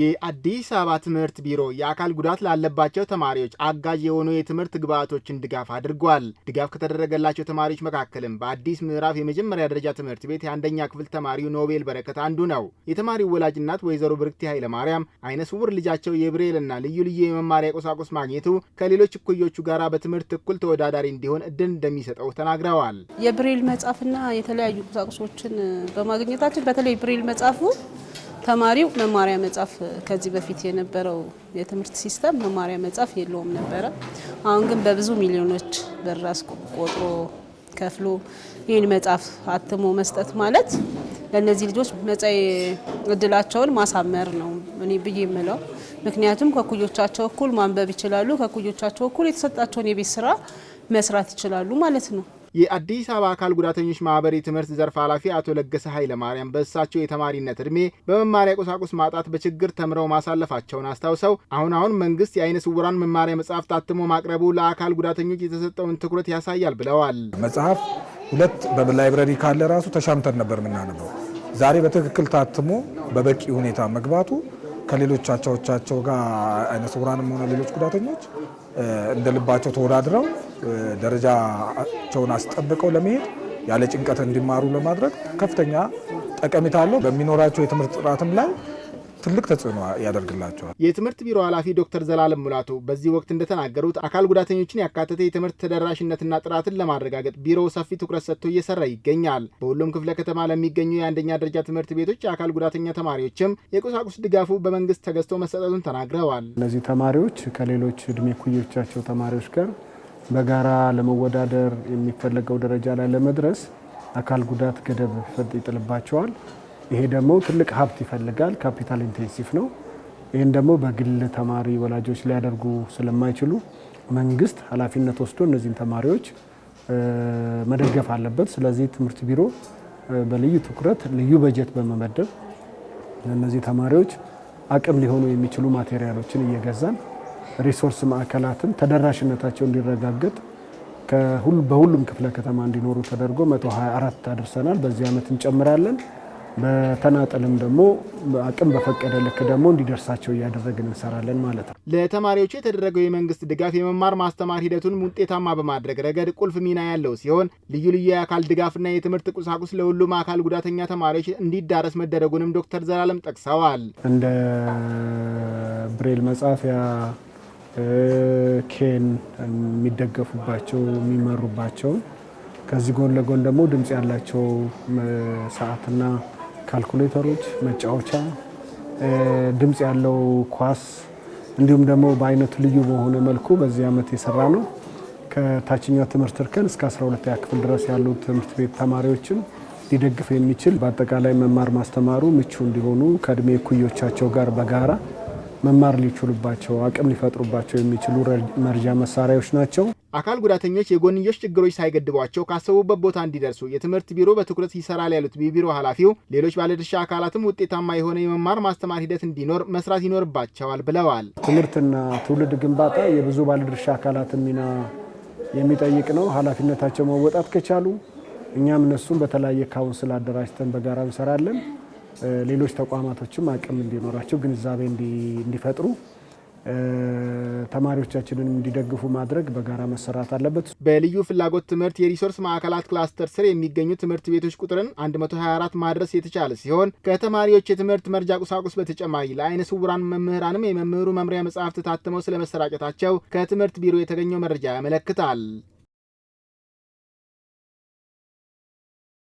የአዲስ አበባ ትምህርት ቢሮ የአካል ጉዳት ላለባቸው ተማሪዎች አጋዥ የሆኑ የትምህርት ግብዓቶችን ድጋፍ አድርጓል። ድጋፍ ከተደረገላቸው ተማሪዎች መካከልም በአዲስ ምዕራፍ የመጀመሪያ ደረጃ ትምህርት ቤት የአንደኛ ክፍል ተማሪው ኖቤል በረከት አንዱ ነው። የተማሪው ወላጅ እናት ወይዘሮ ብርክቲ ኃይለማርያም አይነ ስውር ልጃቸው የብሬልና ልዩ ልዩ የመማሪያ ቁሳቁስ ማግኘቱ ከሌሎች እኩዮቹ ጋር በትምህርት እኩል ተወዳዳሪ እንዲሆን እድል እንደሚሰጠው ተናግረዋል። የብሬል መጽሐፍና የተለያዩ ቁሳቁሶችን በማግኘታችን በተለይ ብሬል መጽሐፉ ተማሪው መማሪያ መጻፍ ከዚህ በፊት የነበረው የትምህርት ሲስተም መማሪያ መጻፍ የለውም ነበረ። አሁን ግን በብዙ ሚሊዮኖች ብር ቆጥሮ ከፍሎ ይህን መጽሐፍ አትሞ መስጠት ማለት ለእነዚህ ልጆች መጻኢ እድላቸውን ማሳመር ነው እኔ ብዬ የምለው። ምክንያቱም ከኩዮቻቸው እኩል ማንበብ ይችላሉ። ከኩዮቻቸው እኩል የተሰጣቸውን የቤት ስራ መስራት ይችላሉ ማለት ነው። የአዲስ አበባ አካል ጉዳተኞች ማህበር የትምህርት ዘርፍ ኃላፊ አቶ ለገሰ ኃይለማርያም በእሳቸው የተማሪነት እድሜ በመማሪያ ቁሳቁስ ማጣት በችግር ተምረው ማሳለፋቸውን አስታውሰው አሁን አሁን መንግስት የአይነ ስውራን መማሪያ መጽሐፍ ታትሞ ማቅረቡ ለአካል ጉዳተኞች የተሰጠውን ትኩረት ያሳያል ብለዋል። መጽሐፍ ሁለት በላይብረሪ ካለ ራሱ ተሻምተን ነበር የምናነበው። ዛሬ በትክክል ታትሞ በበቂ ሁኔታ መግባቱ ከሌሎች አቻዎቻቸው ጋር አይነ ስውራንም ሆነ ሌሎች ጉዳተኞች እንደ ልባቸው ተወዳድረው ደረጃቸውን አስጠብቀው ለመሄድ ያለ ጭንቀት እንዲማሩ ለማድረግ ከፍተኛ ጠቀሜታ አለው። በሚኖራቸው የትምህርት ጥራትም ላይ ትልቅ ተጽዕኖ ያደርግላቸዋል። የትምህርት ቢሮ ኃላፊ ዶክተር ዘላለም ሙላቱ በዚህ ወቅት እንደተናገሩት አካል ጉዳተኞችን ያካተተ የትምህርት ተደራሽነትና ጥራትን ለማረጋገጥ ቢሮው ሰፊ ትኩረት ሰጥቶ እየሰራ ይገኛል። በሁሉም ክፍለ ከተማ ለሚገኙ የአንደኛ ደረጃ ትምህርት ቤቶች የአካል ጉዳተኛ ተማሪዎችም የቁሳቁስ ድጋፉ በመንግስት ተገዝቶ መሰጠቱን ተናግረዋል። እነዚህ ተማሪዎች ከሌሎች እድሜ ኩዮቻቸው ተማሪዎች ጋር በጋራ ለመወዳደር የሚፈለገው ደረጃ ላይ ለመድረስ አካል ጉዳት ገደብ ይጥልባቸዋል። ይሄ ደግሞ ትልቅ ሀብት ይፈልጋል። ካፒታል ኢንቴንሲቭ ነው። ይህን ደግሞ በግል ተማሪ ወላጆች ሊያደርጉ ስለማይችሉ መንግስት ኃላፊነት ወስዶ እነዚህን ተማሪዎች መደገፍ አለበት። ስለዚህ ትምህርት ቢሮ በልዩ ትኩረት ልዩ በጀት በመመደብ እነዚህ ተማሪዎች አቅም ሊሆኑ የሚችሉ ማቴሪያሎችን እየገዛን ሪሶርስ ማዕከላትን ተደራሽነታቸው እንዲረጋገጥ በሁሉም ክፍለ ከተማ እንዲኖሩ ተደርጎ 124 አድርሰናል። በዚህ ዓመት እንጨምራለን። በተናጠልም ደግሞ አቅም በፈቀደ ልክ ደግሞ እንዲደርሳቸው እያደረግን እንሰራለን ማለት ነው። ለተማሪዎቹ የተደረገው የመንግስት ድጋፍ የመማር ማስተማር ሂደቱን ውጤታማ በማድረግ ረገድ ቁልፍ ሚና ያለው ሲሆን ልዩ ልዩ የአካል ድጋፍና የትምህርት ቁሳቁስ ለሁሉም አካል ጉዳተኛ ተማሪዎች እንዲዳረስ መደረጉንም ዶክተር ዘላለም ጠቅሰዋል። እንደ ብሬል መጻፊያ ኬን የሚደገፉባቸው የሚመሩባቸውን ከዚህ ጎን ለጎን ደግሞ ድምፅ ያላቸው ሰዓትና ካልኩሌተሮች፣ መጫወቻ፣ ድምፅ ያለው ኳስ እንዲሁም ደግሞ በአይነቱ ልዩ በሆነ መልኩ በዚህ ዓመት የሰራ ነው። ከታችኛው ትምህርት እርከን እስከ 12ኛ ክፍል ድረስ ያሉ ትምህርት ቤት ተማሪዎችን ሊደግፍ የሚችል በአጠቃላይ መማር ማስተማሩ ምቹ እንዲሆኑ ከእድሜ ኩዮቻቸው ጋር በጋራ መማር ሊችሉባቸው አቅም ሊፈጥሩባቸው የሚችሉ መርጃ መሳሪያዎች ናቸው። አካል ጉዳተኞች የጎንዮሽ ችግሮች ሳይገድቧቸው ካሰቡበት ቦታ እንዲደርሱ የትምህርት ቢሮ በትኩረት ይሰራል ያሉት የቢሮ ኃላፊው ሌሎች ባለድርሻ አካላትም ውጤታማ የሆነ የመማር ማስተማር ሂደት እንዲኖር መስራት ይኖርባቸዋል ብለዋል። ትምህርትና ትውልድ ግንባታ የብዙ ባለድርሻ አካላትን ሚና የሚጠይቅ ነው። ኃላፊነታቸው መወጣት ከቻሉ እኛም እነሱም በተለያየ ካውንስል አደራጅተን በጋራ እንሰራለን። ሌሎች ተቋማቶችም አቅም እንዲኖራቸው ግንዛቤ እንዲፈጥሩ ተማሪዎቻችንን እንዲደግፉ ማድረግ በጋራ መሰራት አለበት። በልዩ ፍላጎት ትምህርት የሪሶርስ ማዕከላት ክላስተር ስር የሚገኙ ትምህርት ቤቶች ቁጥርን 124 ማድረስ የተቻለ ሲሆን ከተማሪዎች የትምህርት መርጃ ቁሳቁስ በተጨማሪ ለአይነ ስውራን መምህራንም የመምህሩ መምሪያ መጽሐፍት ታትመው ስለመሰራጨታቸው ከትምህርት ቢሮ የተገኘው መረጃ ያመለክታል።